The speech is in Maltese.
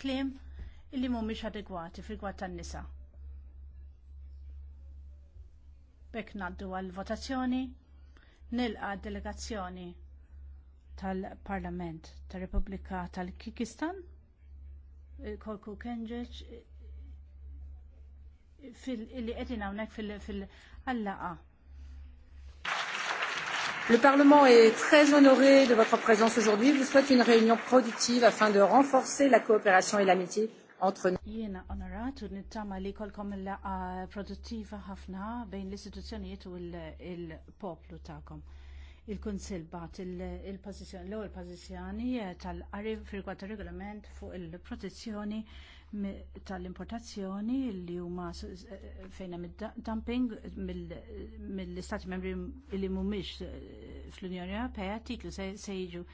kliem illi mhumiex adegwati fil-gwad tan-nisa. Bekk naddu għal-votazzjoni nilqa delegazzjoni tal-Parlament tar-Repubblika tal-Kikistan Korku kenġeċ fil-li qegħdin hawnhekk fil-allaqa. Le Parlement est très honoré de votre présence aujourd'hui. Vous souhaite une réunion productive afin de renforcer la coopération et l'amitié entre nous. Jiena onorat u nittama li kolkom il-laqa produttiva ħafna bejn l-istituzzjonijiet u l-poplu ta'kom il-Kunsil bat il-pozizjoni, l-ewwel pożizzjoni eh, tal-qari fil-kwad regolament fuq il-protezzjoni tal-importazzjoni li huma eh, fejn hemm dumping mill-Istati Membri li mhumiex eh, fl-Unjoni Ewropea titlu se jiġu